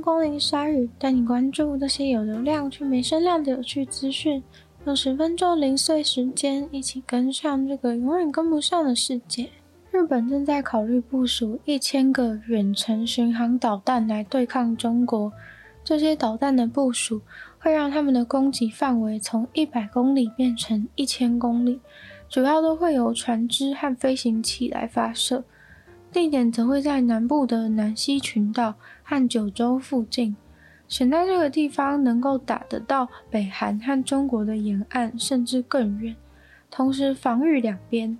光臨鯊語，帶你關注那些有流量卻沒聲量的有趣資訊。用十分鐘零碎時間，一起跟上這個永遠跟不上的世界。日本正在考慮部署一千個遠程巡航導彈來對抗中國。這些導彈的部署會讓他們的攻擊範圍從一百公里變成一千公里。主要都會由船只和飛行器來發射，地點則會在南部的南西群島。和九州附近，選在這個地方能夠打得到北韓和中國的沿岸，甚至更遠，同時防禦兩邊。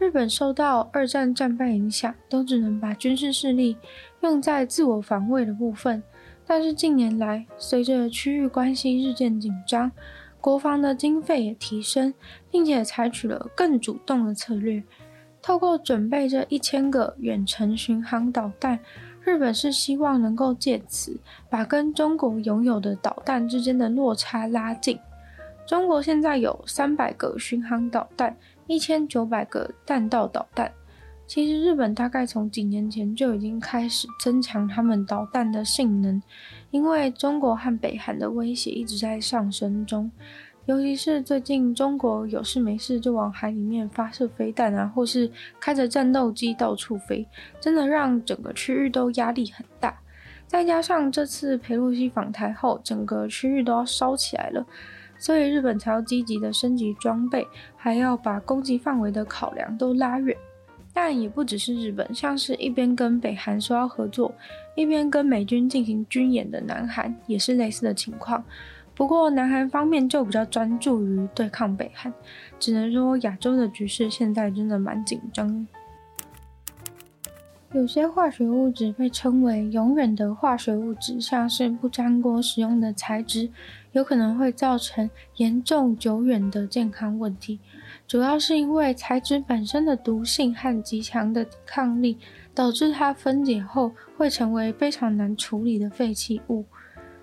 日本受到二戰戰敗影響，都只能把軍事勢力用在自我防衛的部分。但是近年來，隨着區域關係日漸緊張，國防的經費也提升，並且採取了更主動的策略，透過準備這一千個遠程巡航導彈。日本是希望能夠借此把跟中國擁有的導彈之間的落差拉近。中國現在有三百個巡航導彈，一千九百個彈道導彈。其實日本大概從幾年前就已經開始增強他們導彈的性能，因為中國和北韓的威脅一直在上升中。尤其是最近中國有事沒事就往海裡面發射飛彈啊，或是開着戰鬥機到處飛，真的讓整個區域都壓力很大。再加上這次裴洛西訪台後，整個區域都要燒起來了，所以日本才要積極的升級裝備，還要把攻擊範圍的考量都拉遠。但也不只是日本，像是一邊跟北韓說要合作，一邊跟美軍進行軍演的南韓，也是類似的情況。不過，南韓方面就比較專注於對抗北韓，只能說亞洲的局勢現在真的蠻緊張。有些化學物質被稱為“永遠的化學物質”，像是不粘鍋使用的材質，有可能會造成嚴重、久遠的健康問題。主要是因為材質本身的毒性，和極強的抵抗力，導致它分解後會成為非常難處理的廢棄物。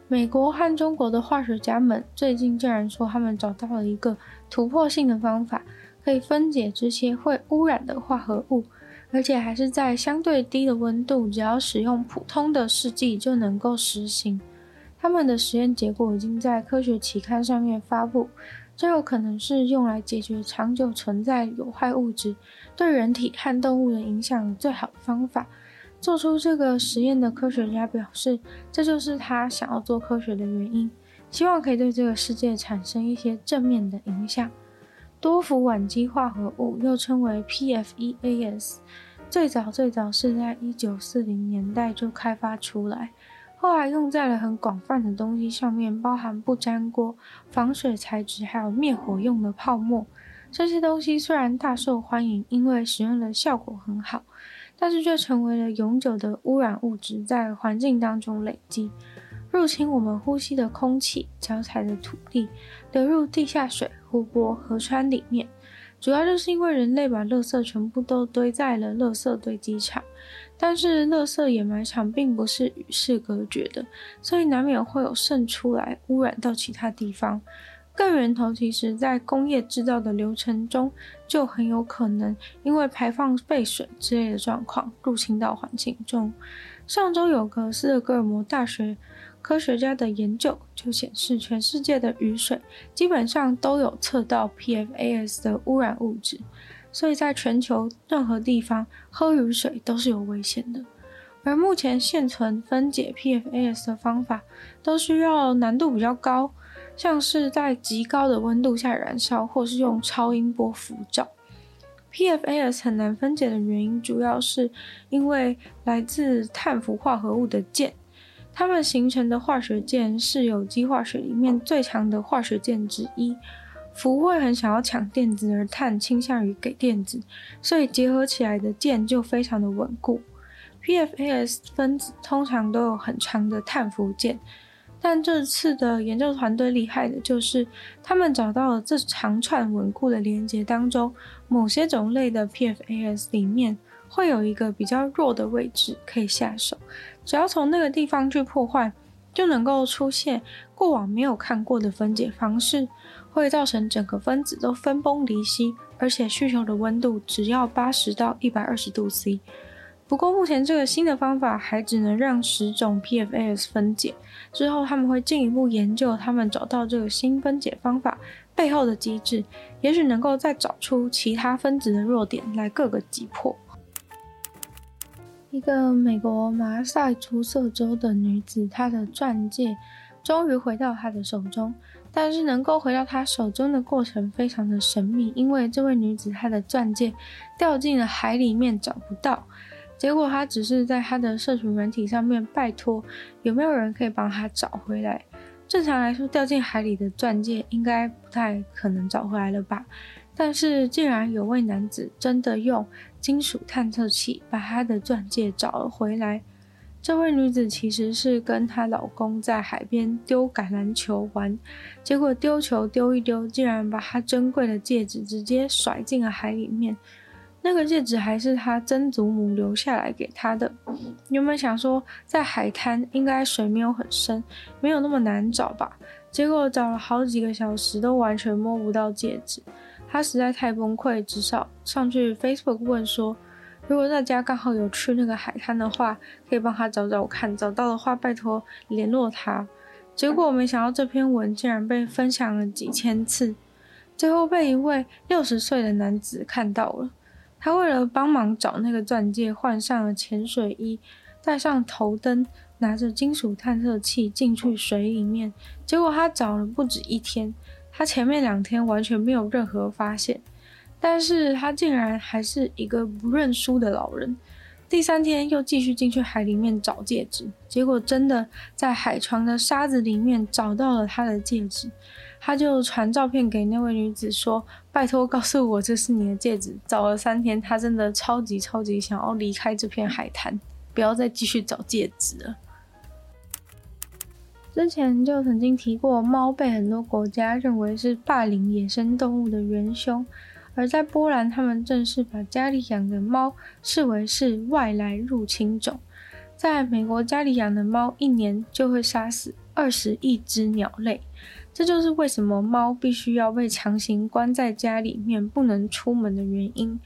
美國和中國的化學家們最近竟然說，他們找到了一個突破性的方法，可以分解這些會污染的化合物，而且還是在相對低的溫度，只要使用普通的試劑就能夠實行。他們的實驗結果已經在科學期刊上面發布，這有可能是用來解決長久存在有害物質對人體和動物的影響最好的方法。做出這個實驗的科學家表示，這就是他想要做科學的原因，希望可以對這個世界產生一些正面的影響。多氟烷基化合物又稱為 PFAS，最早最早是在1940年代就開發出來，後來用在了很廣泛的東西上面，包含不粘鍋、防水材質還有滅火用的泡沫。這些東西雖然大受歡迎，因為使用的效果很好。但是卻成為了永久的污染物質，在環境當中累積，入侵我們呼吸的空氣、腳踩的土地，流入地下水、湖泊、河川裡面。主要就是因為人類把垃圾全部都堆在了垃圾堆積場，但是垃圾掩埋場並不是與世隔絕的，所以難免會有滲出來，污染到其他地方。各源頭其實，在工業製造的流程中，就很有可能因為排放廢水之類的狀況，入侵到環境中。上周有個斯德哥爾摩大學科學家的研究就顯示，全世界的雨水基本上都有測到 PFAS 的污染物質，所以在全球任何地方喝雨水都是有危險的。而目前現存分解 PFAS 的方法，都需要難度比較高。像是在極高的溫度下燃燒，或是用超音波輻照，PFAS 很難分解的原因，主要是因為來自碳氟化合物的鍵，它們形成的化學鍵是有機化學裡面最強的化學鍵之一。氟會很想要搶電子，而碳傾向於給電子，所以結合起來的鍵就非常的穩固。PFAS 分子通常都有很長的碳氟鍵。但這次的研究團隊厲害的就是，他們找到了這長串穩固的連接當中，某些種類的 PFAS 裡面會有一個比較弱的位置可以下手，只要從那個地方去破壞，就能夠出現過往沒有看過的分解方式，會造成整個分子都分崩離析，而且需求的溫度只要八十到一百二十度 C。不過，目前這個新的方法還只能讓十種 PFAS 分解。之後，他們會進一步研究他們找到這個新分解方法背後的機制，也許能夠再找出其他分子的弱點來各個擊破。一個美國麻薩諸塞州的女子，她的鑽戒終於回到她的手中，但是能夠回到她手中的過程非常的神秘，因為這位女子她的鑽戒掉進了海裡面，找不到。結果她只是在她的社群軟體上面拜托，有沒有人可以幫她找回來？正常來說，掉進海裡的鑽戒應該不太可能找回來了吧？但是竟然有位男子真的用金屬探測器把她的鑽戒找了回來。這位女子其實是跟她老公在海邊丟橄欖球玩，結果丟球丟一丟，竟然把她珍貴的戒指直接甩進了海裡面。那個戒指還是他曾祖母留下來給他的。原本想說，在海灘應該水沒有很深，沒有那麼難找吧？結果找了好幾個小時，都完全摸不到戒指。他實在太崩潰，至少上去 Facebook 問說，如果大家剛好有去那個海灘的話，可以幫他找找看。找到的話，拜託聯絡他。結果沒想到這篇文竟然被分享了幾千次，最後被一位六十歲的男子看到了。他為了幫忙找那個鑽戒，換上了潛水衣，戴上頭燈，拿着金屬探測器進去水裡面。結果他找了不止一天，他前面兩天完全沒有任何發現，但是他竟然還是一個不認輸的老人。第三天又繼續進去海裡面找戒指，結果真的在海床的沙子裡面找到了他的戒指。他就傳照片給那位女子說：“拜託，告訴我這是你的戒指。”找了三天，他真的超級超級想要離開這片海灘，不要再繼續找戒指了。之前就曾經提過，貓被很多國家認為是霸凌野生動物的元凶，而在波蘭，他們正式把家裡養的貓視為是外來入侵種。在美國，家裡養的貓一年就會殺死二十億隻鳥類。這就是為什麼貓必須要被強行關在家裡面，不能出門的原因。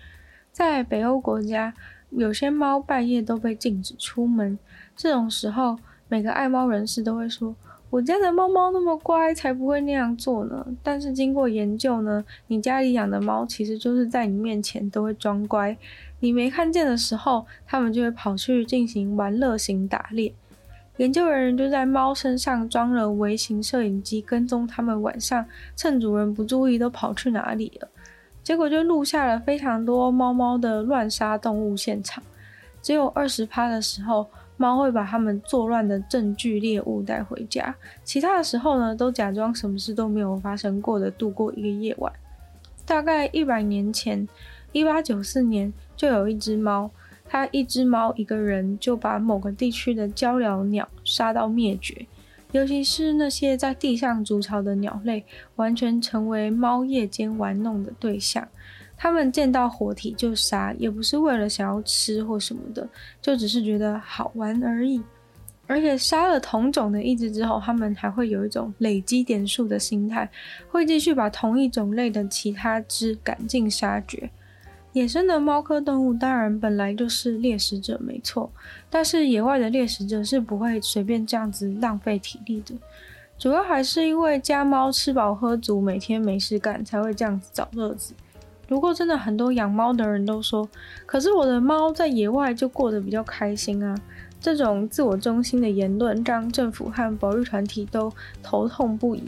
在北歐國家，有些貓半夜都被禁止出門。這種時候，每個愛貓人士都會說：“我家的貓貓那麼乖，才不會那樣做呢。”但是經過研究呢，你家裡養的貓其實就是在你面前都會裝乖，你沒看見的時候，它們就會跑去進行玩樂型打獵。研究人員就在貓身上裝了微型攝影機，跟蹤它們晚上趁主人不注意都跑去哪裡了。結果就錄下了非常多貓貓的亂殺動物現場。只有20趴的時候，貓會把它們作亂的證據獵物帶回家，其他的時候呢，都假裝什麼事都沒有發生過的度過一個夜晚。大概一百年前，1894年就有一只貓，它一隻貓一個人就把某個地區的鷦鷯鳥殺到滅絕，尤其是那些在地上築巢的鳥類，完全成為貓夜間玩弄的對象。它們見到活體就殺，也不是為了想要吃或什麼的，就只是覺得好玩而已。而且殺了同種的一隻之後，它們還會有一種累積點數的心態，會繼續把同一種類的其他隻趕盡殺絕。野生的貓科動物當然本來就是獵食者，沒錯。但是野外的獵食者是不會隨便這樣子浪費體力的，主要還是因為家貓吃飽喝足，每天沒事幹才會這樣子找樂子。不過真的很多養貓的人都說，可是我的貓在野外就過得比較開心啊。這種自我中心的言論讓政府和保育團體都頭痛不已。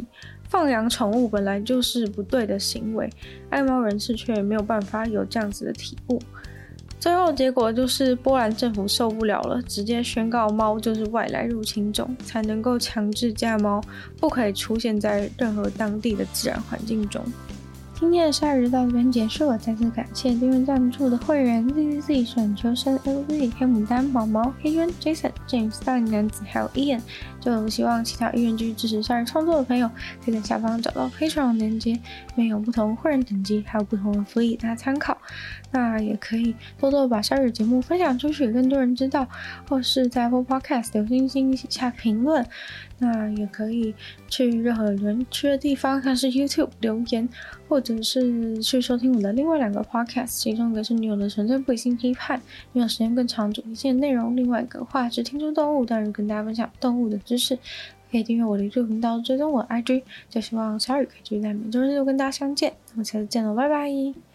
放養寵物本來就是不對的行為，愛貓人士卻沒有辦法有這樣子的體悟。最後結果就是波蘭政府受不了了，直接宣告貓就是外來入侵種，才能夠強制家貓不可以出現在任何當地的自然環境中。今天的鯊語到這邊結束，再次感謝訂閱贊助的會員：zzz、選秋生、lz、黑牡丹、毛毛、黑雲、Jason、James、大齡男子還有 Ian。就希望其他意願繼續支持鯊魚創作的朋友，可以在下方找到 Patreon 連結，裡面有不同的會員等級，還有不同的福利，大家參考。那也可以多多把鯊語節目分享出去，更多人知道。或是在播 podcast 留星星寫下評論，那也可以去任何有人去的地方，像是 YouTube 留言，或者是去收聽我的另外兩個 podcast，其中一個是女友的純粹不理性批判，女友時間更長、主題性內容；另外一個話是聽說動物，當然跟大家分享動物的知識。可以訂閱我的 YouTube 頻道，追蹤我 IG。就希望鯊語可以繼續在每周日就跟大家相見。那麼下次見了，拜拜。